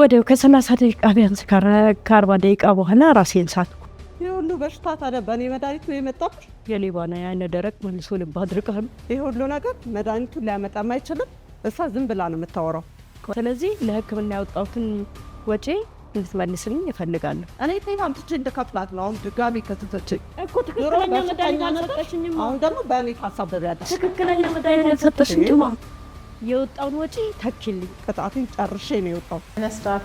ወዲያው ከሰላሳ ደቂቃ ቢያንስ ከአርባ ደቂቃ በኋላ ራሴን ሳትኩ። ይህ ሁሉ በሽታ ታዲያ በእኔ መድኃኒት ነው የመጣው? የሊባና የአይነ ደረቅ መልሶ ልብ አድርቃል። ይህ ሁሉ ነገር መድኃኒቱን ሊያመጣም አይችልም። እሷ ዝም ብላ ነው የምታወራው። ስለዚህ ለህክምና ያወጣሁትን ወጪ እንድትመልስልኝ ይፈልጋሉ። እኔ ጤና አምጥቼ እንደከፍላት ነው። አሁን ድጋሚ ከትተች እኮ ትክክለኛ መድኃኒት አልሰጠሽኝም። አሁን ደግሞ በእኔ ታሳበብ ያለሽ ትክክለኛ መድኃኒት አልሰጠሽኝም። የወጣውን ወጪ ተኪልኝ። ቅጣቴን ጨርሼ ነው የወጣው። ነስታት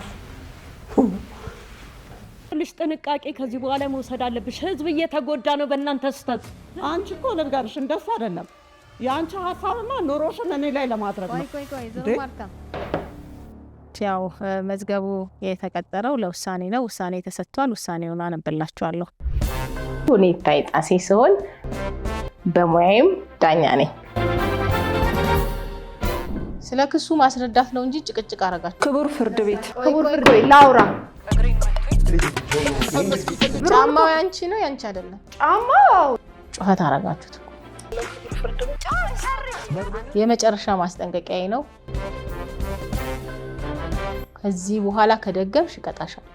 ትንሽ ጥንቃቄ ከዚህ በኋላ መውሰድ አለብሽ። ህዝብ እየተጎዳ ነው በእናንተ ስህተት። አንቺ እኮ ልንገርሽ፣ እንደሱ አይደለም የአንቺ ሀሳብና ኑሮሽን እኔ ላይ ለማድረግ ነው። ያው መዝገቡ የተቀጠረው ለውሳኔ ነው። ውሳኔ ተሰጥቷል። ውሳኔውን አነብላችኋለሁ። ሁኔታ የጣሴ ሲሆን በሙያዬም ዳኛ ነኝ። ስለ ክሱ ማስረዳት ነው እንጂ ጭቅጭቅ አረጋችሁ። ክቡር ፍርድ ቤት ክቡር ፍርድ ቤት ላውራ። ጫማው ያንቺ ነው ያንቺ አይደለም። ጫማው ጩኸት አረጋችሁት። የመጨረሻ ማስጠንቀቂያ ነው። ከዚህ በኋላ ከደገምሽ እቀጣሻለሁ።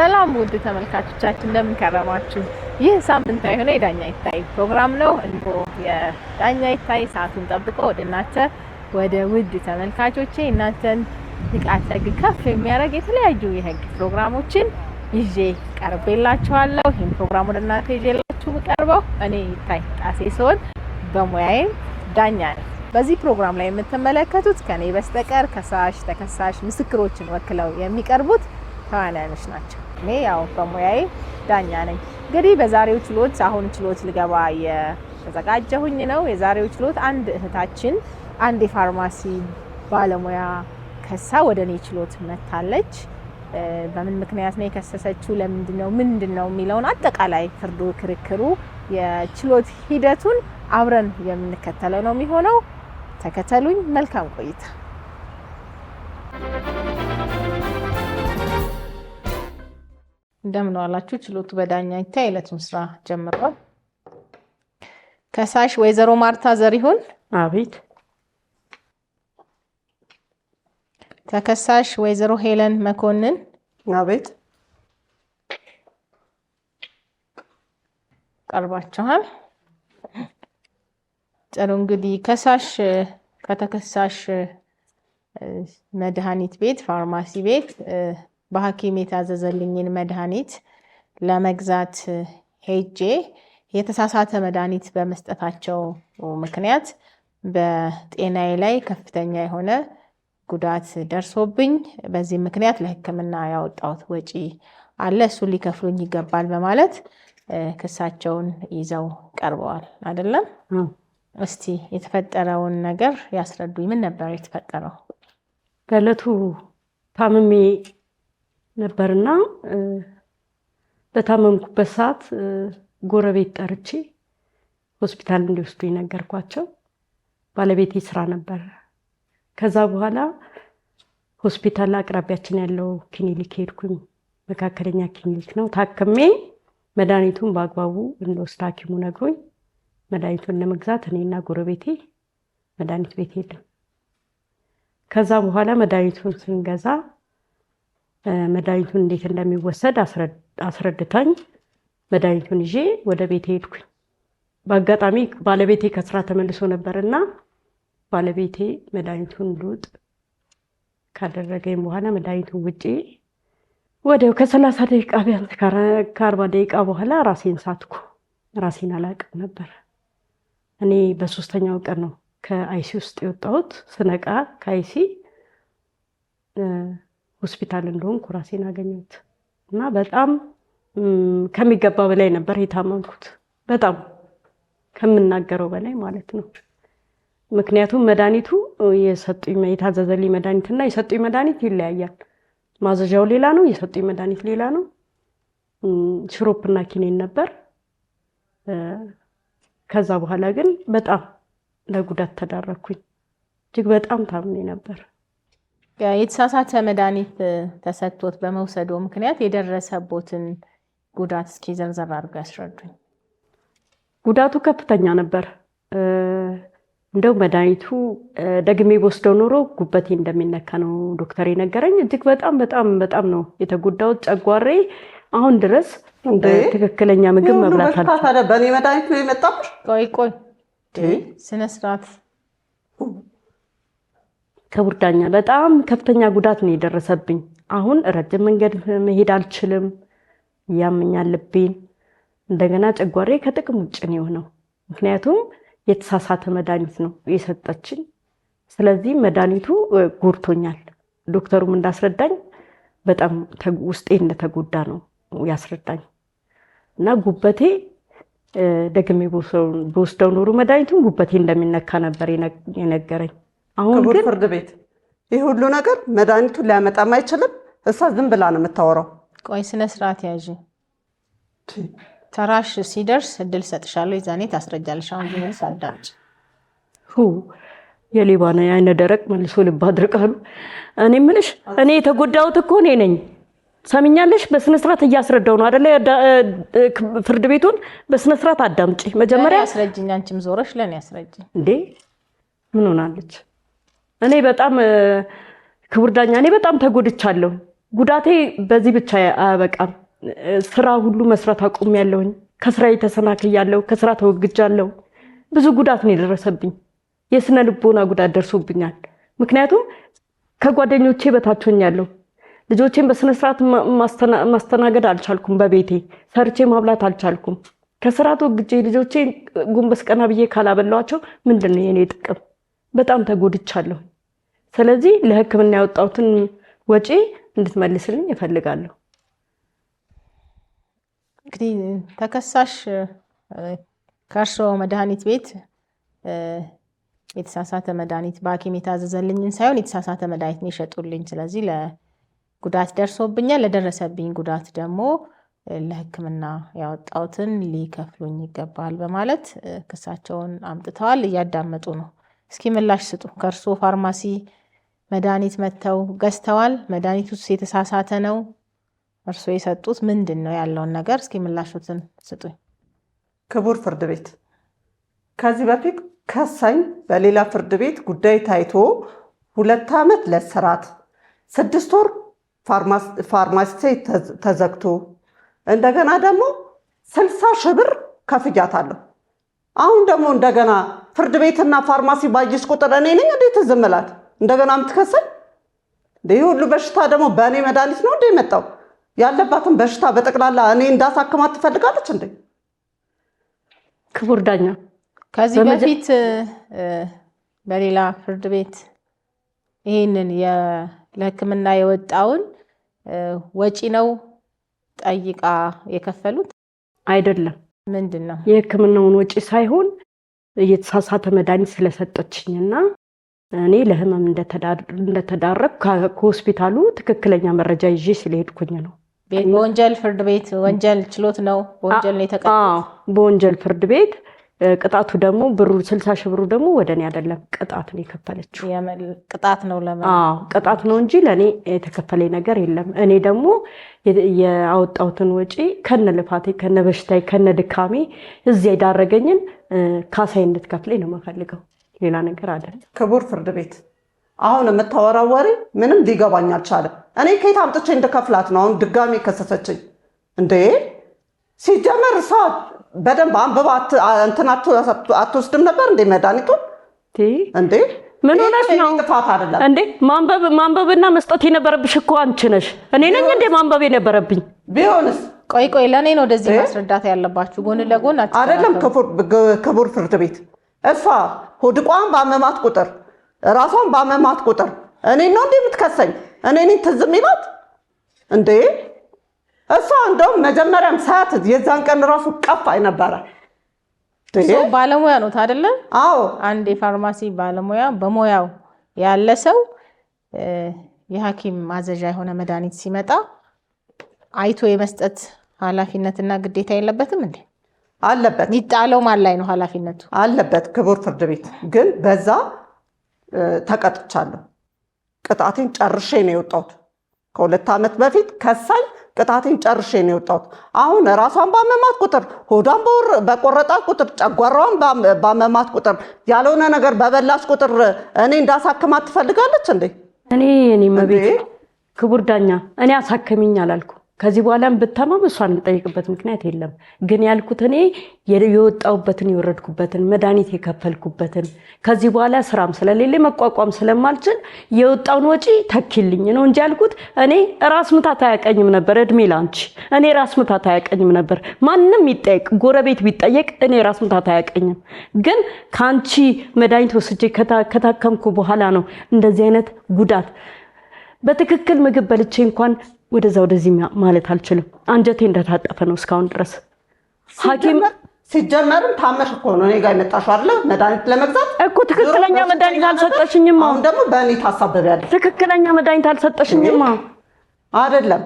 ሰላም ውድ ተመልካቾቻችን እንደምንከረማችሁ ይህ ሳምንት የሆነ የዳኛ ይታይ ፕሮግራም ነው። እንዶ የዳኛ ይታይ ሰዓቱን ጠብቆ ወደ እናንተ ወደ ውድ ተመልካቾቼ እናንተን ንቃተ ህግ ከፍ የሚያደርግ የተለያዩ የህግ ፕሮግራሞችን ይዤ ቀርቤላችኋለሁ። ይህም ፕሮግራም ወደ እናንተ ይዤላችሁ ቀርበው እኔ ይታይ ጣሴ ሲሆን በሙያዬም ዳኛ ነው። በዚህ ፕሮግራም ላይ የምትመለከቱት ከኔ በስተቀር ከሳሽ፣ ተከሳሽ ምስክሮችን ወክለው የሚቀርቡት ተዋናዮች ናቸው። እኔ ያው በሙያዬ ዳኛ ነኝ። እንግዲህ በዛሬው ችሎት አሁን ችሎት ልገባ የተዘጋጀሁኝ ነው። የዛሬው ችሎት አንድ እህታችን አንድ የፋርማሲ ባለሙያ ከሳ ወደ እኔ ችሎት መታለች። በምን ምክንያት ነው የከሰሰችው? ለምንድን ነው ምንድን ነው የሚለውን አጠቃላይ ፍርዱ፣ ክርክሩ፣ የችሎት ሂደቱን አብረን የምንከተለው ነው የሚሆነው። ተከተሉኝ። መልካም ቆይታ እንደምን ዋላችሁ። ችሎቱ በዳኛ ይታይ የዕለቱን ስራ ጀምሯል። ከሳሽ ወይዘሮ ማርታ ዘሪሁን። አቤት። ተከሳሽ ወይዘሮ ሄለን መኮንን። አቤት። ቀርባችኋል። ጥሩ እንግዲህ ከሳሽ ከተከሳሽ መድኃኒት ቤት ፋርማሲ ቤት በሐኪም የታዘዘልኝን መድኃኒት ለመግዛት ሄጄ የተሳሳተ መድኃኒት በመስጠታቸው ምክንያት በጤናዬ ላይ ከፍተኛ የሆነ ጉዳት ደርሶብኝ በዚህ ምክንያት ለሕክምና ያወጣሁት ወጪ አለ፣ እሱ ሊከፍሉኝ ይገባል በማለት ክሳቸውን ይዘው ቀርበዋል። አይደለም? እስቲ የተፈጠረውን ነገር ያስረዱኝ። ምን ነበር የተፈጠረው? በዕለቱ ታምሜ ነበርና በታመምኩበት ሰዓት ጎረቤት ጠርቼ ሆስፒታል እንዲወስዱ ነገርኳቸው። ባለቤቴ ስራ ነበር። ከዛ በኋላ ሆስፒታል አቅራቢያችን ያለው ክሊኒክ ሄድኩኝ። መካከለኛ ክሊኒክ ነው። ታክሜ መድኃኒቱን በአግባቡ እንደወስድ ሐኪሙ ነግሮኝ መድኃኒቱን ለመግዛት እኔና ጎረቤቴ መድኃኒት ቤት ሄድን። ከዛ በኋላ መድኃኒቱን ስንገዛ መድኃኒቱን እንዴት እንደሚወሰድ አስረድታኝ መድኃኒቱን ይዤ ወደ ቤት ሄድኩኝ። በአጋጣሚ ባለቤቴ ከስራ ተመልሶ ነበርና ባለቤቴ መድኃኒቱን ሉጥ ካደረገኝ በኋላ መድኃኒቱን ውጪ ወዲያው ከሰላሳ ደቂቃ ቢያንስ ከአርባ ደቂቃ በኋላ ራሴን ሳትኩ። ራሴን አላቅም ነበር። እኔ በሶስተኛው ቀን ነው ከአይሲ ውስጥ የወጣሁት። ስነቃ ከአይሲ ሆስፒታል እንደሆንኩ ራሴን አገኘሁት እና በጣም ከሚገባ በላይ ነበር የታመምኩት። በጣም ከምናገረው በላይ ማለት ነው። ምክንያቱም መድኃኒቱ የሰጡኝ የታዘዘልኝ መድኃኒትና የሰጡኝ መድኃኒት ይለያያል። ማዘዣው ሌላ ነው፣ የሰጡኝ መድኃኒት ሌላ ነው። ሽሮፕና ኪኔን ነበር። ከዛ በኋላ ግን በጣም ለጉዳት ተዳረኩኝ። እጅግ በጣም ታምሜ ነበር። የተሳሳተ መድኃኒት ተሰጥቶት በመውሰዶ ምክንያት የደረሰቦትን ጉዳት እስኪ ዘርዘር አድርጎ ያስረዱኝ። ጉዳቱ ከፍተኛ ነበር። እንደው መድኃኒቱ ደግሜ ወስደው ኖሮ ጉበቴ እንደሚነካ ነው ዶክተር የነገረኝ። እጅግ በጣም በጣም በጣም ነው የተጎዳሁት። ጨጓሬ አሁን ድረስ ትክክለኛ ምግብ መብላት አለ። በእኔ መድኃኒት ነው የመጣሁት። ቆይ ቆይ፣ ስነ ስርዓት ክቡር ዳኛ በጣም ከፍተኛ ጉዳት ነው የደረሰብኝ። አሁን ረጅም መንገድ መሄድ አልችልም፣ ያመኛል ልቤን። እንደገና ጨጓሬ ከጥቅም ውጭ ነው የሆነው፣ ምክንያቱም የተሳሳተ መድኃኒት ነው የሰጠችን። ስለዚህ መድኃኒቱ ጎድቶኛል። ዶክተሩም እንዳስረዳኝ በጣም ውስጤ እንደተጎዳ ነው ያስረዳኝ እና ጉበቴ ደግሜ በወስደው ኖሩ መድኃኒቱም ጉበቴ እንደሚነካ ነበር የነገረኝ። አሁን ግን ፍርድ ቤት ይህ ሁሉ ነገር መድኃኒቱን ሊያመጣም አይችልም። እሷ ዝም ብላ ነው የምታወራው። ቆይ ስነ ስርዓት ያዥ። ተራሽ ሲደርስ እድል ሰጥሻለሁ። የዛኔ ታስረጃለሽ። አሁን ግን ሳዳጭ የሌባ ነው የአይነ ደረቅ መልሶ ልብ አድርቃሉ። እኔ ምልሽ እኔ የተጎዳሁት እኮ እኔ ነኝ። ሰምኛለሽ። በስነ ስርዓት እያስረዳው ነው አደለ? ፍርድ ቤቱን በስነ ስርዓት አዳምጪ መጀመሪያ። ያስረጅኝ አንቺም ዞረሽ ለእኔ ያስረጅኝ። እንዴ ምን ሆናለች? እኔ በጣም ክቡር ዳኛ፣ እኔ በጣም ተጎድቻለሁ። ጉዳቴ በዚህ ብቻ አያበቃም። ስራ ሁሉ መስራት ያለውኝ ከስራ ተሰናክያለሁ። ከስራ ተወግጃለሁ። ብዙ ጉዳት ነው የደረሰብኝ። የስነ ልቦና ጉዳት ደርሶብኛል። ምክንያቱም ከጓደኞቼ በታች ሆኛለሁ። ልጆቼን በስነስርዓት ማስተናገድ አልቻልኩም። በቤቴ ሰርቼ ማብላት አልቻልኩም። ከስራ ተወግጄ ልጆቼ ጎንበስ ቀና ብዬ ካላበላኋቸው ምንድን ነው የኔ ጥቅም? በጣም ተጎድቻለሁ። ስለዚህ ለህክምና ያወጣሁትን ወጪ እንድትመልስልኝ እፈልጋለሁ። እንግዲህ ተከሳሽ ከርሶ መድኃኒት ቤት የተሳሳተ መድኃኒት በሐኪም የታዘዘልኝን ሳይሆን የተሳሳተ መድኃኒት ነው የሸጡልኝ። ስለዚህ ለጉዳት ደርሶብኛል። ለደረሰብኝ ጉዳት ደግሞ ለህክምና ያወጣሁትን ሊከፍሉኝ ይገባል በማለት ክሳቸውን አምጥተዋል። እያዳመጡ ነው። እስኪ ምላሽ ስጡ። ከእርሶ ፋርማሲ መድኃኒት መጥተው ገዝተዋል። መድኃኒቱ የተሳሳተ ነው፣ እርስዎ የሰጡት ምንድን ነው ያለውን ነገር እስኪ ምላሾትን ስጡኝ። ክቡር ፍርድ ቤት ከዚህ በፊት ከሳኝ በሌላ ፍርድ ቤት ጉዳይ ታይቶ ሁለት ዓመት ለስራት ስድስት ወር ፋርማሲ ተዘግቶ እንደገና ደግሞ ስልሳ ሺህ ብር ከፍያታለሁ። አሁን ደግሞ እንደገና ፍርድ ቤትና ፋርማሲ ባይስ ቁጥር እኔ ነኝ እንዴት ዝምላት እንደገና የምትከሰኝ ይህ ሁሉ በሽታ ደግሞ በእኔ መድኃኒት ነው እንደ የመጣው ያለባትን በሽታ በጠቅላላ እኔ እንዳሳክማት ትፈልጋለች እንዴ? ክቡር ዳኛ ከዚህ በፊት በሌላ ፍርድ ቤት ይህንን ለሕክምና የወጣውን ወጪ ነው ጠይቃ የከፈሉት አይደለም። ምንድን ነው የሕክምናውን ወጪ ሳይሆን የተሳሳተ መድኃኒት ስለሰጠችኝና እኔ ለህመም እንደተዳረግ ከሆስፒታሉ ትክክለኛ መረጃ ይዤ ስለሄድኩኝ ነው። በወንጀል ፍርድ ቤት ወንጀል ችሎት ነው በወንጀል ነው የተቀጣሁት። በወንጀል ፍርድ ቤት ቅጣቱ ደግሞ ብሩ ስልሳ ሺህ ብሩ ደግሞ ወደ እኔ አይደለም ቅጣት ነው የከፈለችው። ቅጣት ነው ቅጣት ነው እንጂ ለእኔ የተከፈለኝ ነገር የለም። እኔ ደግሞ የአወጣሁትን ወጪ ከነ ልፋቴ ከነ በሽታዬ ከነ ድካሜ እዚያ የዳረገኝን ካሳዬ እንድትከፍለኝ ነው የምፈልገው። ሌላ ነገር አለ። ክቡር ፍርድ ቤት አሁን የምታወራው ወሬ ምንም ሊገባኝ አልቻለም። እኔ ከየት አምጥቼ እንደከፍላት ነው አሁን ድጋሚ ከሰሰችኝ እንዴ? ሲጀመር እሷ በደንብ አንብባ እንትን አትወስድም ነበር እንዴ? መድኃኒቱን እንዴ? ምን ሆነሽ ነው እንዴ? ማንበብ ማንበብና መስጠት የነበረብሽ እኮ አንቺ ነሽ። እኔ ነኝ እንዴ ማንበብ የነበረብኝ? ቢሆንስ ቆይ ቆይ፣ ለእኔ ነው ወደዚህ ማስረዳት ያለባችሁ ጎን ለጎን አይደለም። ክቡር ፍርድ ቤት እሷ ሆድቋን ባመማት ቁጥር ራሷን ባመማት ቁጥር እኔ ነው እንዲህ የምትከሰኝ? እኔ ትዝ የሚላት እንዴ? እሷ እንደውም መጀመሪያም ሰዓት የዛን ቀን ራሱ ቀፋኝ ነበረ። ባለሙያ ነው ታደለ? አዎ፣ አንድ የፋርማሲ ባለሙያ በሙያው ያለ ሰው የሐኪም ማዘዣ የሆነ መድኃኒት ሲመጣ አይቶ የመስጠት ኃላፊነትና ግዴታ የለበትም እንዴ? አለበት። ይጣለው ማን ላይ ነው ኃላፊነቱ? አለበት ክቡር ፍርድ ቤት። ግን በዛ ተቀጥቻለሁ። ቅጣቴን ጨርሼ ነው የወጣሁት። ከሁለት ዓመት በፊት ከሳኝ ቅጣቴን ጨርሼ ነው የወጣሁት። አሁን ራሷን ባመማት ቁጥር ሆዷን በቆረጣት ቁጥር ጨጓራዋን ባመማት ቁጥር ያልሆነ ነገር በበላች ቁጥር እኔ እንዳሳክማት ትፈልጋለች እንዴ? እኔ እኔ መቤት ክቡር ዳኛ እኔ አሳክሚኝ አላልኩ ከዚህ በኋላም ብታማም እሷ የምጠይቅበት ምክንያት የለም። ግን ያልኩት እኔ የወጣሁበትን የወረድኩበትን መድኃኒት የከፈልኩበትን ከዚህ በኋላ ስራም ስለሌለ መቋቋም ስለማልችል የወጣውን ወጪ ተኪልኝ ነው እንጂ ያልኩት እኔ ራስ ምታት አያቀኝም ነበር። እድሜ ላንቺ እኔ ራስ ምታት አያቀኝም ነበር። ማንም ይጠየቅ፣ ጎረቤት ቢጠየቅ እኔ ራስ ምታት አያቀኝም። ግን ከአንቺ መድኃኒት ወስጄ ከታከምኩ በኋላ ነው እንደዚህ አይነት ጉዳት በትክክል ምግብ በልቼ እንኳን ወደዛ ወደዚህ ማለት አልችልም። አንጀቴ እንደታጠፈ ነው እስካሁን ድረስ። ሐኪም ሲጀመርም ታመሽ እኮ ነው እኔ ጋር የመጣሽው አይደለ? መድኃኒት ለመግዛት እኮ ትክክለኛ መድኃኒት አልሰጠሽኝም። አሁን ደግሞ በእኔ ታሳብቢያለሽ። ትክክለኛ መድኃኒት አልሰጠሽኝም። አይደለም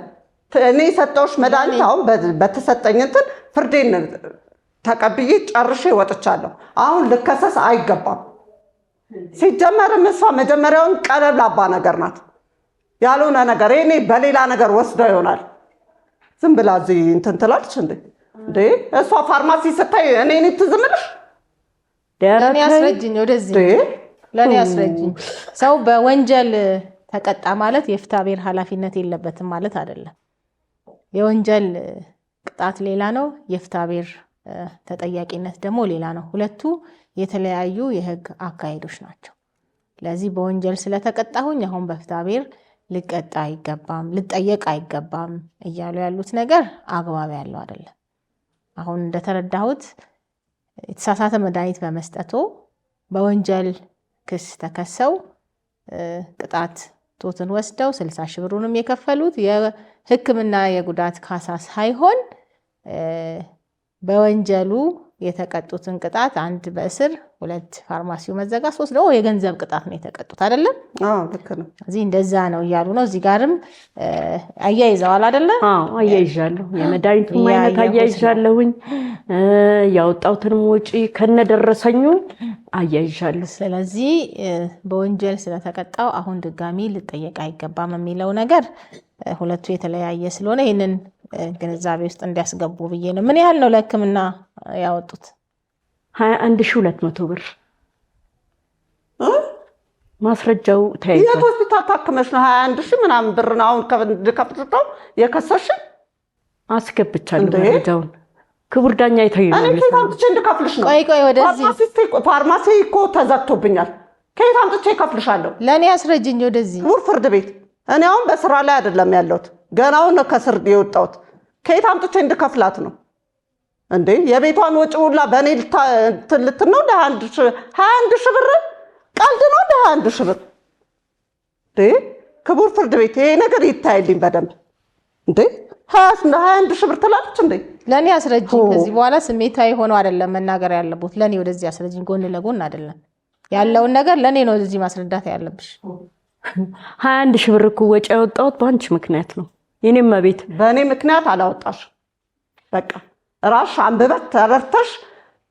እኔ የሰጠሁሽ መድኃኒት አሁን በተሰጠኝ እንትን ፍርዴን ተቀብዬ ጨርሼ ወጥቻለሁ። አሁን ልከሰስ አይገባም። ሲጀመርም እሷ መጀመሪያውን ቀለብ ላባ ነገር ናት። ያልሆነ ነገር እኔ በሌላ ነገር ወስዳ ይሆናል። ዝም ብላ እዚህ እንትን ትላለች እንዴ እንዴ እሷ ፋርማሲ ስታይ እኔ እኔ ትዝምልሽ ወደዚህ ለእኔ ያስረጅኝ። ሰው በወንጀል ተቀጣ ማለት የፍትሐብሔር ኃላፊነት የለበትም ማለት አይደለም። የወንጀል ቅጣት ሌላ ነው፣ የፍትሐብሔር ተጠያቂነት ደግሞ ሌላ ነው። ሁለቱ የተለያዩ የህግ አካሄዶች ናቸው። ለዚህ በወንጀል ስለተቀጣሁኝ አሁን በፍታቤር። ልቀጣ አይገባም፣ ልጠየቅ አይገባም እያሉ ያሉት ነገር አግባብ ያለው አይደለም። አሁን እንደተረዳሁት የተሳሳተ መድኃኒት በመስጠቱ በወንጀል ክስ ተከሰው ቅጣት ቶትን ወስደው ስልሳ ሺህ ብሩንም የከፈሉት የሕክምና የጉዳት ካሳ ሳይሆን በወንጀሉ የተቀጡትን ቅጣት አንድ በእስር ሁለት ፋርማሲው መዘጋ ሶስት ደግሞ የገንዘብ ቅጣት ነው የተቀጡት አይደለም እዚህ እንደዛ ነው እያሉ ነው እዚህ ጋርም አያይዘዋል አይደለም አያይዣለሁ የመድኃኒቱን አይነት አያይዣለሁኝ ያወጣሁትንም ወጪ ከነደረሰኙ አያይዣለሁ ስለዚህ በወንጀል ስለተቀጣው አሁን ድጋሚ ልጠየቅ አይገባም የሚለው ነገር ሁለቱ የተለያየ ስለሆነ ይህንን ግንዛቤ ውስጥ እንዲያስገቡ ብዬ ነው። ምን ያህል ነው ለህክምና ያወጡት? ሀያ አንድ ሺ ሁለት መቶ ብር ማስረጃው ተያይዟል። የት ሆስፒታል ታክመሽ ነው ሀያ አንድ ሺ ምናምን ብር ነው አሁን ከፍትተው የከሰሽ? አስገብቻለሁ መረጃውን ክቡር ዳኛ የተዩ ከየት እንድከፍልሽ ነው? ቆይ ቆይ፣ ወደዚህ ፋርማሲ እኮ ተዘግቶብኛል። ከየት አምጥቼ እከፍልሻለሁ? ለእኔ አስረጅኝ ወደዚህ ውር ፍርድ ቤት። እኔ አሁን በስራ ላይ አይደለም ያለሁት ገናውን ነው ከስር የወጣሁት። ከየት አምጥቼ እንድከፍላት ነው እንዴ? የቤቷን ወጪ ሁላ በእኔ ልትልት ነው። ሀያ አንድ ሺህ ብር ቀልድ ነው። ሀያ አንድ ሺህ ብር እንዴ! ክቡር ፍርድ ቤት ይሄ ነገር ይታይልኝ በደንብ እንዴ። ሀያ አንድ ሺህ ብር ትላለች እንዴ? ለእኔ አስረጅኝ። ከዚህ በኋላ ስሜታዊ ሆነው አይደለም መናገር ያለቦት። ለእኔ ወደዚህ አስረጅኝ፣ ጎን ለጎን አይደለም ያለውን ነገር ለእኔ ነው እዚህ ማስረዳት ያለብሽ። ሀያ አንድ ሺህ ብር እኮ ወጪ ያወጣሁት በአንቺ ምክንያት ነው። የኔም ቤት በእኔ ምክንያት አላወጣሽ። በቃ ራሽ አንብበት ተረድተሽ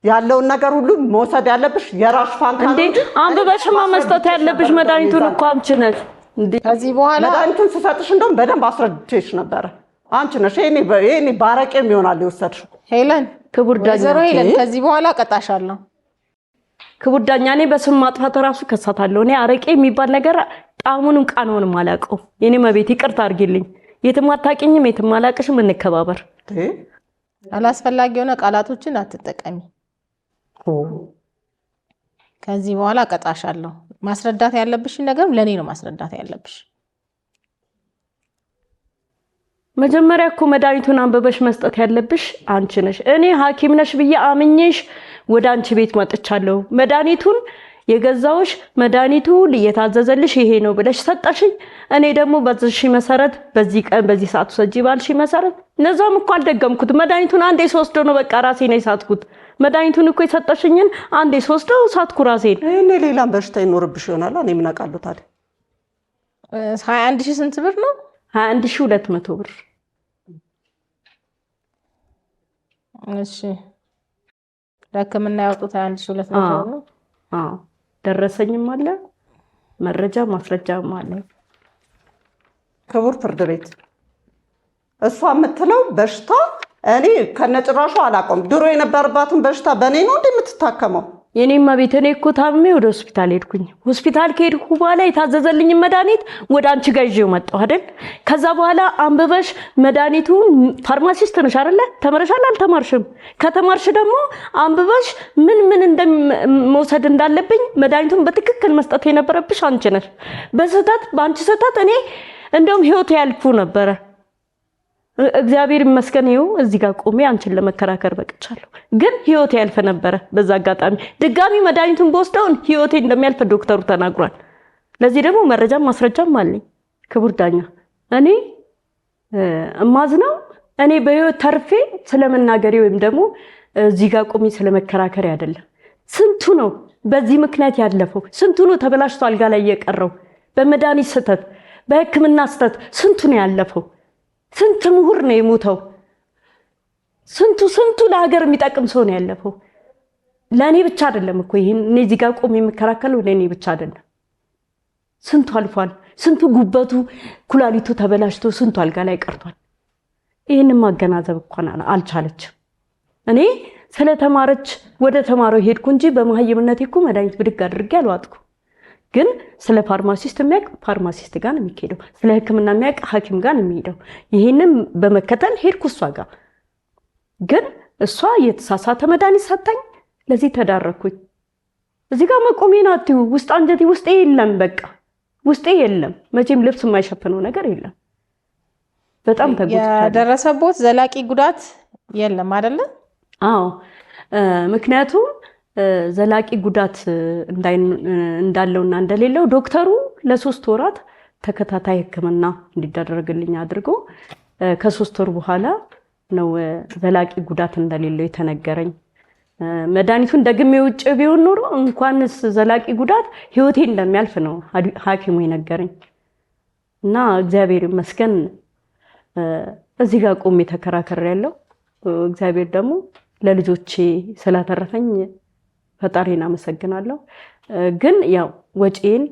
ያለውን ነገር ሁሉ መውሰድ ያለብሽ የራሽ ፋንታ እንዴ። አንብበሽማ መስጠት ያለብሽ መድኃኒቱን እኮ አንቺ ነሽ። ከዚህ በኋላ መድኃኒቱን ስሰጥሽ እንደውም በደንብ አስረድቼሽ ነበረ። አንቺ ነሽ ይሄኔ ባረቄም ይሆናል የወሰድሽው። ሄለን፣ ክቡር ዳኛ፣ ሄለን ከዚህ በኋላ ቀጣሻለሁ። ክቡር ዳኛ፣ እኔ በስም ማጥፋት ራሱ ከሳታለሁ። እኔ አረቄ የሚባል ነገር ጣሙንም ቃናውንም አላውቀውም። የኔ መቤት ይቅርታ አድርጊልኝ። የትም አታውቂኝም፣ የትም አላውቅሽም፣ እንከባበር። አላስፈላጊ የሆነ ቃላቶችን አትጠቀሚ። ከዚህ በኋላ እቀጣሻለሁ። ማስረዳት ያለብሽን ነገር ለእኔ ነው ማስረዳት ያለብሽ። መጀመሪያ እኮ መድኃኒቱን አንብበሽ መስጠት ያለብሽ አንቺ ነሽ። እኔ ሐኪም ነሽ ብዬ አምኜሽ ወደ አንቺ ቤት መጥቻለሁ። መድኃኒቱን የገዛውሽ መድኃኒቱ እየታዘዘልሽ ይሄ ነው ብለሽ ሰጠሽኝ። እኔ ደግሞ በዚህ መሰረት በዚህ ቀን በዚህ ሰዓት ውሰጂ ባልሽ መሰረት እነዛም እኮ አልደገምኩት። መድኃኒቱን አንዴ ሶስት ነው በቃ ራሴ ነው የሳትኩት። መድኃኒቱን እኮ የሰጠሽኝን አንዴ ሶስት ነው ሳትኩ ራሴን። እኔ ሌላም በሽታ ይኖርብሽ ይሆናል። እኔ ምን አውቃለሁ ታዲያ። ሀያ አንድ ሺህ ስንት ብር ነው? ሀያ አንድ ሺህ ሁለት መቶ ብር። እሺ ለሕክምና ያወጡት ሀያ አንድ ሺህ ሁለት መቶ ብር ነው። ደረሰኝም አለ፣ መረጃ ማስረጃም አለ። ክቡር ፍርድ ቤት እሷ የምትለው በሽታ እኔ ከነጭራሹ አላቆም ድሮ የነበረባትን በሽታ በእኔ ነው እንደ የምትታከመው የኔማ ቤት እኔ እኮ ታምሜ ወደ ሆስፒታል ሄድኩኝ። ሆስፒታል ከሄድኩ በኋላ የታዘዘልኝ መድኃኒት ወደ አንቺ ጋር ይዤው መጣሁ አይደል? ከዛ በኋላ አንብበሽ መድኃኒቱን ፋርማሲስት ነሽ አይደለ? ተመረሻል አልተማርሽም? ከተማርሽ ደግሞ አንብበሽ ምን ምን መውሰድ እንዳለብኝ መድኃኒቱን በትክክል መስጠት የነበረብሽ አንቺ ነሽ። በስህተት በአንቺ ስህተት እኔ እንደውም ህይወት ያልፉ ነበረ እግዚአብሔር ይመስገን ይኸው እዚህ ጋር ቆሜ አንቺን ለመከራከር በቅቻለሁ። ግን ህይወቴ ያልፈ ነበረ። በዛ አጋጣሚ ድጋሚ መድኃኒቱን በወስደውን ህይወቴ እንደሚያልፈ ዶክተሩ ተናግሯል። ለዚህ ደግሞ መረጃም ማስረጃም አለኝ። ክቡር ዳኛ፣ እኔ እማዝነው እኔ በህይወት ተርፌ ስለመናገሬ ወይም ደግሞ እዚህ ጋር ቆሜ ስለመከራከሬ አይደለም። ስንቱ ነው በዚህ ምክንያት ያለፈው፣ ስንቱ ነው ተበላሽቶ አልጋ ላይ የቀረው በመድኃኒት ስህተት፣ በህክምና ስህተት ስንቱ ነው ያለፈው። ስንት ምሁር ነው የሞተው? ስንቱ ስንቱ ለሀገር የሚጠቅም ሰው ነው ያለፈው። ለእኔ ብቻ አይደለም እኮ ይህን እነዚህ ጋር ቆም የሚከራከለው ለእኔ ብቻ አይደለም። ስንቱ አልፏል። ስንቱ ጉበቱ ኩላሊቱ ተበላሽቶ ስንቱ አልጋ ላይ ቀርቷል። ይህንን ማገናዘብ እንኳን አልቻለችም። እኔ ስለተማረች ወደ ተማረው ሄድኩ እንጂ በመሀይምነቴ እኮ መድኃኒት ብድግ አድርጌ አልዋጥኩ። ግን ስለ ፋርማሲስት የሚያውቅ ፋርማሲስት ጋር ነው የሚሄደው። ስለ ሕክምና የሚያውቅ ሐኪም ጋር ነው የሚሄደው። ይህንም በመከተል ሄድኩ እሷ ጋር። ግን እሷ የተሳሳተ መድኃኒት ሰጠኝ። ለዚህ ተዳረኩኝ። እዚህ ጋር መቆሜን አትዩ። ውስጥ አንጀቴ ውስጤ የለም፣ በቃ ውስጤ የለም። መቼም ልብስ የማይሸፍነው ነገር የለም። በጣም የደረሰቦት ዘላቂ ጉዳት የለም አይደለ? አዎ ምክንያቱም ዘላቂ ጉዳት እንዳለውና እንደሌለው ዶክተሩ ለሶስት ወራት ተከታታይ ሕክምና እንዲደረግልኝ አድርጎ ከሶስት ወር በኋላ ነው ዘላቂ ጉዳት እንደሌለው የተነገረኝ። መድኃኒቱን ደግሜ ውጭ ቢሆን ኖሮ እንኳንስ ዘላቂ ጉዳት ህይወቴ እንደሚያልፍ ነው ሐኪሙ የነገረኝ እና እግዚአብሔር ይመስገን እዚህ ጋር ቆሜ ተከራከር ያለው እግዚአብሔር ደግሞ ለልጆቼ ስላተረፈኝ ፈጣሪን አመሰግናለሁ። ግን ያው ወጪን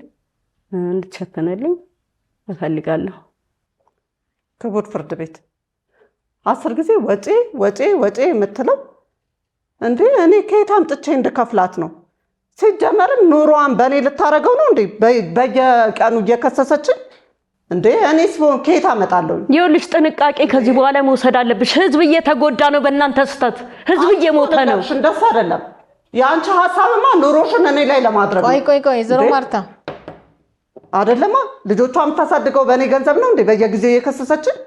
እንድትሸፍንልኝ እፈልጋለሁ። ክቡር ፍርድ ቤት አስር ጊዜ ወጪ ወጪ ወጪ የምትለው እንዴ? እኔ ከየት አምጥቼ እንድከፍላት ነው? ሲጀመርም ኑሮዋን በእኔ ልታደርገው ነው እንዴ? በየቀኑ እየከሰሰችን እንዴ? እኔ ብሆን ከየት አመጣለሁ? ይኸውልሽ፣ ጥንቃቄ ከዚህ በኋላ መውሰድ አለብሽ። ህዝብ እየተጎዳ ነው በእናንተ ስህተት። ህዝብ እየሞተ ነው። እንደሱ አይደለም የአንቺ ሀሳብማ ኑሮሽን እኔ ላይ ለማድረግ ቆይ ቆይ ቆይ ዘሮ ማርታ አይደለማ ልጆቿ የምታሳድገው በእኔ ገንዘብ ነው እንዴ? በየጊዜው እየከሰሰችን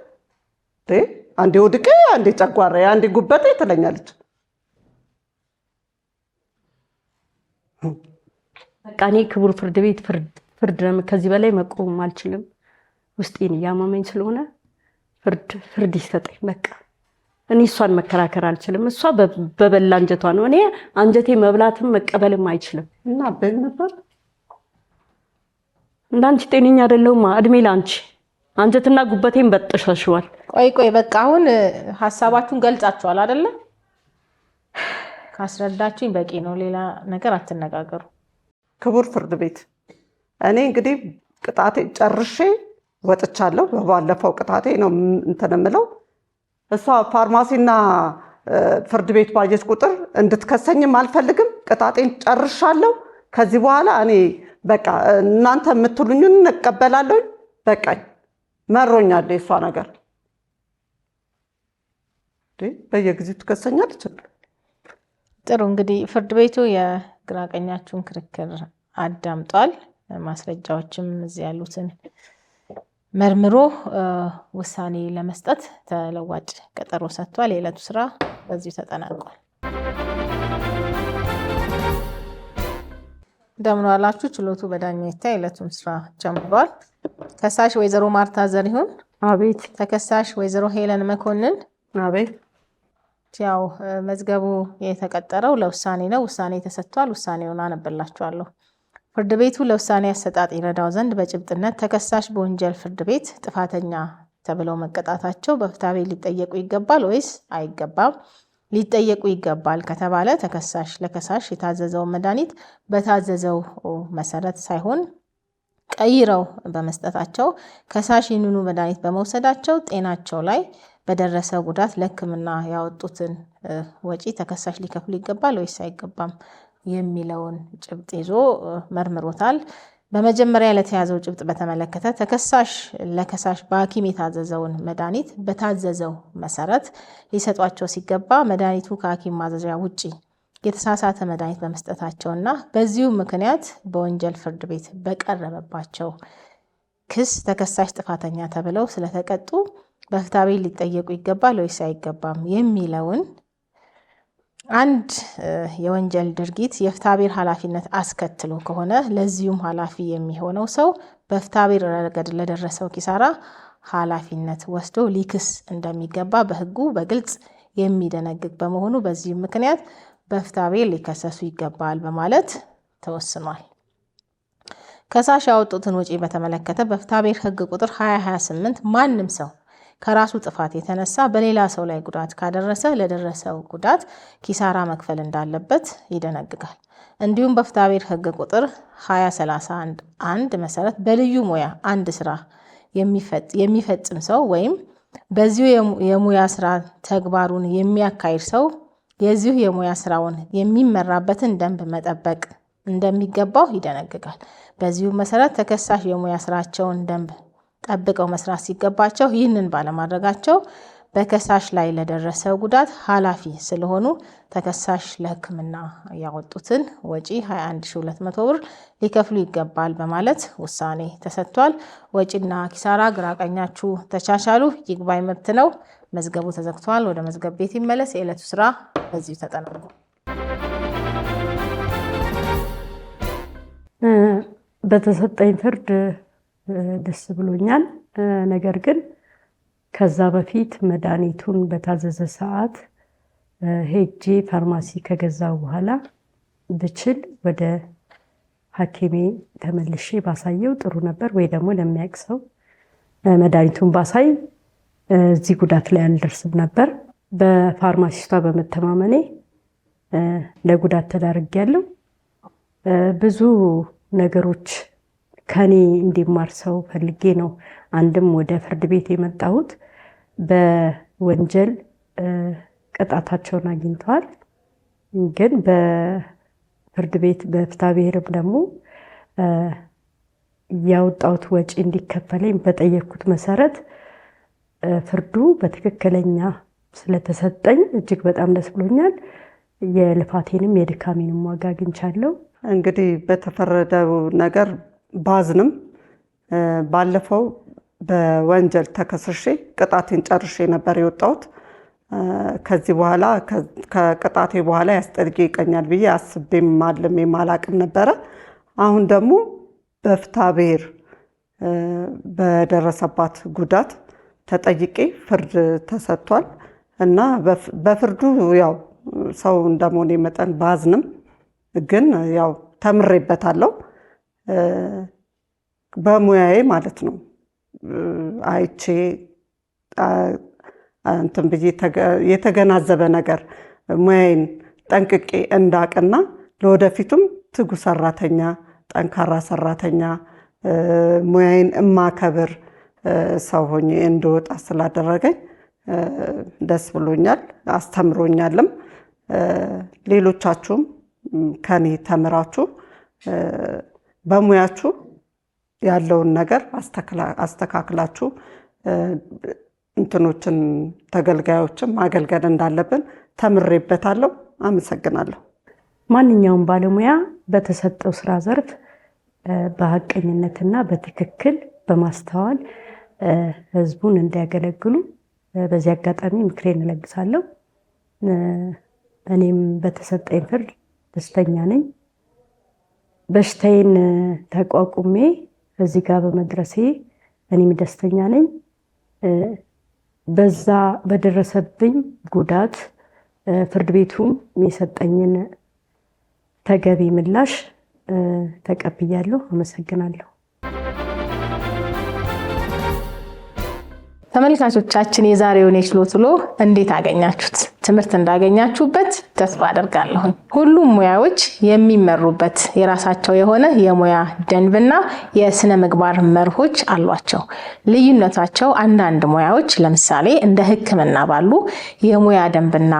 አንዴ ወድቄ አንዴ ጨጓራ አንዴ ጉበቴ ትለኛለች። በቃ እኔ ክቡር ፍርድ ቤት ፍርድ ነው፣ ከዚህ በላይ መቆም አልችልም። ውስጤን እያመመኝ ስለሆነ ፍርድ ፍርድ ይሰጠኝ በቃ እኔ እሷን መከራከር አልችልም። እሷ በበላ አንጀቷ ነው። እኔ አንጀቴ መብላትም መቀበልም አይችልም። እና በል ነበር እንዳንቺ ጤነኛ አይደለሁማ። እድሜ ለአንቺ። አንጀትና ጉበቴን በጥሻሽዋል ቆይ ቆይ፣ በቃ አሁን ሀሳባችሁን ገልጻችኋል አደለ? ካስረዳችሁኝ በቂ ነው። ሌላ ነገር አትነጋገሩ። ክቡር ፍርድ ቤት እኔ እንግዲህ ቅጣቴ ጨርሼ ወጥቻለሁ። በባለፈው ቅጣቴ ነው እንትን የምለው እሷ ፋርማሲና ፍርድ ቤት ባየች ቁጥር እንድትከሰኝም አልፈልግም። ቅጣጤን ጨርሻለሁ። ከዚህ በኋላ እኔ በቃ እናንተ የምትሉኝን እንቀበላለሁኝ። በቃኝ፣ መሮኛለ የእሷ ነገር። በየጊዜው ትከሰኛለች። ጥሩ እንግዲህ ፍርድ ቤቱ የግራቀኛችሁን ክርክር አዳምጧል። ማስረጃዎችም እዚህ ያሉትን መርምሮ ውሳኔ ለመስጠት ተለዋጭ ቀጠሮ ሰጥቷል። የዕለቱ ስራ በዚሁ ተጠናቋል። እንደምን ዋላችሁ። ችሎቱ በዳኛታ ይታይ የዕለቱን ስራ ጀምሯል። ከሳሽ ወይዘሮ ማርታ ዘሪሁን፣ አቤት። ተከሳሽ ወይዘሮ ሄለን መኮንን፣ አቤት። ያው መዝገቡ የተቀጠረው ለውሳኔ ነው። ውሳኔ ተሰጥቷል። ውሳኔውን አነብላችኋለሁ። ፍርድ ቤቱ ለውሳኔ አሰጣጥ ይረዳው ዘንድ በጭብጥነት ተከሳሽ በወንጀል ፍርድ ቤት ጥፋተኛ ተብለው መቀጣታቸው በፍትሐብሔር ሊጠየቁ ይገባል ወይስ አይገባም? ሊጠየቁ ይገባል ከተባለ ተከሳሽ ለከሳሽ የታዘዘውን መድኃኒት በታዘዘው መሰረት ሳይሆን ቀይረው በመስጠታቸው ከሳሽ ይህንኑ መድኃኒት በመውሰዳቸው ጤናቸው ላይ በደረሰ ጉዳት ለሕክምና ያወጡትን ወጪ ተከሳሽ ሊከፍሉ ይገባል ወይስ አይገባም? የሚለውን ጭብጥ ይዞ መርምሮታል። በመጀመሪያ ለተያዘው ጭብጥ በተመለከተ ተከሳሽ ለከሳሽ በሐኪም የታዘዘውን መድኃኒት በታዘዘው መሰረት ሊሰጧቸው ሲገባ መድኃኒቱ ከሐኪም ማዘዣ ውጪ የተሳሳተ መድኃኒት በመስጠታቸውና በዚሁ ምክንያት በወንጀል ፍርድ ቤት በቀረበባቸው ክስ ተከሳሽ ጥፋተኛ ተብለው ስለተቀጡ በፍትሐ ብሔር ሊጠየቁ ይገባል ወይስ አይገባም የሚለውን አንድ የወንጀል ድርጊት የፍትሐብሔር ኃላፊነት አስከትሎ ከሆነ ለዚሁም ኃላፊ የሚሆነው ሰው በፍትሐብሔር ረገድ ለደረሰው ኪሳራ ኃላፊነት ወስዶ ሊክስ እንደሚገባ በሕጉ በግልጽ የሚደነግግ በመሆኑ በዚህም ምክንያት በፍትሐብሔር ሊከሰሱ ይገባል በማለት ተወስኗል። ከሳሽ ያወጡትን ወጪ በተመለከተ በፍትሐብሔር ሕግ ቁጥር 2028 ማንም ሰው ከራሱ ጥፋት የተነሳ በሌላ ሰው ላይ ጉዳት ካደረሰ ለደረሰው ጉዳት ኪሳራ መክፈል እንዳለበት ይደነግጋል። እንዲሁም በፍትሐብሔር ሕግ ቁጥር 2311 መሰረት በልዩ ሙያ አንድ ስራ የሚፈጽም ሰው ወይም በዚሁ የሙያ ስራ ተግባሩን የሚያካሂድ ሰው የዚሁ የሙያ ስራውን የሚመራበትን ደንብ መጠበቅ እንደሚገባው ይደነግጋል። በዚሁ መሰረት ተከሳሽ የሙያ ስራቸውን ደንብ ጠብቀው መስራት ሲገባቸው ይህንን ባለማድረጋቸው በከሳሽ ላይ ለደረሰው ጉዳት ኃላፊ ስለሆኑ ተከሳሽ ለሕክምና ያወጡትን ወጪ 21200 ብር ሊከፍሉ ይገባል በማለት ውሳኔ ተሰጥቷል። ወጪና ኪሳራ ግራቀኛችሁ ተቻቻሉ። ይግባኝ መብት ነው። መዝገቡ ተዘግቷል። ወደ መዝገብ ቤት ይመለስ። የዕለቱ ስራ በዚሁ ተጠናቁ። በተሰጠኝ ፍርድ ደስ ብሎኛል። ነገር ግን ከዛ በፊት መድኃኒቱን በታዘዘ ሰዓት ሄጄ ፋርማሲ ከገዛው በኋላ ብችል ወደ ሐኪሜ ተመልሼ ባሳየው ጥሩ ነበር፣ ወይ ደግሞ ለሚያውቅ ሰው መድኃኒቱን ባሳይ እዚህ ጉዳት ላይ አልደርስም ነበር። በፋርማሲስቷ በመተማመኔ ለጉዳት ተዳርጌያለሁ ብዙ ነገሮች ከኔ እንዲማር ሰው ፈልጌ ነው አንድም ወደ ፍርድ ቤት የመጣሁት። በወንጀል ቅጣታቸውን አግኝተዋል። ግን በፍርድ ቤት በፍታ ብሔርም ደግሞ ያወጣሁት ወጪ እንዲከፈለኝ በጠየኩት መሰረት ፍርዱ በትክክለኛ ስለተሰጠኝ እጅግ በጣም ደስ ብሎኛል። የልፋቴንም የድካሜንም ዋጋ አግኝቻለሁ። እንግዲህ በተፈረደው ነገር ባዝንም ባለፈው በወንጀል ተከስሼ ቅጣቴን ጨርሼ ነበር የወጣሁት። ከዚህ በኋላ ከቅጣቴ በኋላ ይቀኛል ብዬ አስቤም አልሜ የማላቅም ነበረ። አሁን ደግሞ በፍታ ብሔር በደረሰባት ጉዳት ተጠይቄ ፍርድ ተሰጥቷል እና በፍርዱ ያው ሰው እንደመሆኔ መጠን ባዝንም ግን ያው ተምሬበታለሁ በሙያዬ ማለት ነው አይቼ እንትን ብዬ የተገናዘበ ነገር ሙያዬን ጠንቅቄ እንዳቅና ለወደፊቱም ትጉ ሰራተኛ፣ ጠንካራ ሰራተኛ፣ ሙያዬን እማከብር ሰው ሆኜ እንድወጣ ስላደረገኝ ደስ ብሎኛል። አስተምሮኛልም። ሌሎቻችሁም ከኔ ተምራችሁ በሙያችሁ ያለውን ነገር አስተካክላችሁ እንትኖችን ተገልጋዮችን ማገልገል እንዳለብን ተምሬበታለሁ። አመሰግናለሁ። ማንኛውም ባለሙያ በተሰጠው ስራ ዘርፍ በሀቀኝነትና በትክክል በማስተዋል ህዝቡን እንዲያገለግሉ በዚህ አጋጣሚ ምክሬን እለግሳለሁ። እኔም በተሰጠኝ ፍርድ ደስተኛ ነኝ። በሽታዬን ተቋቁሜ እዚህ ጋር በመድረሴ እኔም ደስተኛ ነኝ። በዛ በደረሰብኝ ጉዳት ፍርድ ቤቱም የሰጠኝን ተገቢ ምላሽ ተቀብያለሁ። አመሰግናለሁ። ተመልካቾቻችን የዛሬውን የችሎት ውሎ እንዴት አገኛችሁት? ትምህርት እንዳገኛችሁበት ተስፋ አደርጋለሁ። ሁሉም ሙያዎች የሚመሩበት የራሳቸው የሆነ የሙያ ደንብና የስነ ምግባር መርሆች አሏቸው። ልዩነታቸው አንዳንድ ሙያዎች ለምሳሌ እንደ ሕክምና ባሉ የሙያ ደንብና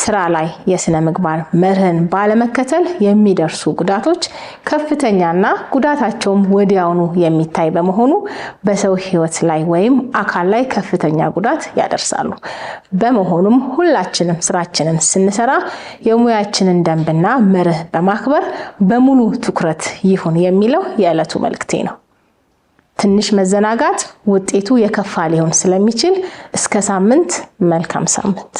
ስራ ላይ የስነ ምግባር መርህን ባለመከተል የሚደርሱ ጉዳቶች ከፍተኛና ጉዳታቸውም ወዲያውኑ የሚታይ በመሆኑ በሰው ህይወት ላይ ወይም አካል ላይ ከፍተኛ ጉዳት ያደርሳሉ። በመሆኑም ሁላቸው ሁላችንም ስራችንን ስንሰራ የሙያችንን ደንብና መርህ በማክበር በሙሉ ትኩረት ይሁን የሚለው የዕለቱ መልእክቴ ነው። ትንሽ መዘናጋት ውጤቱ የከፋ ሊሆን ስለሚችል እስከ ሳምንት መልካም ሳምንት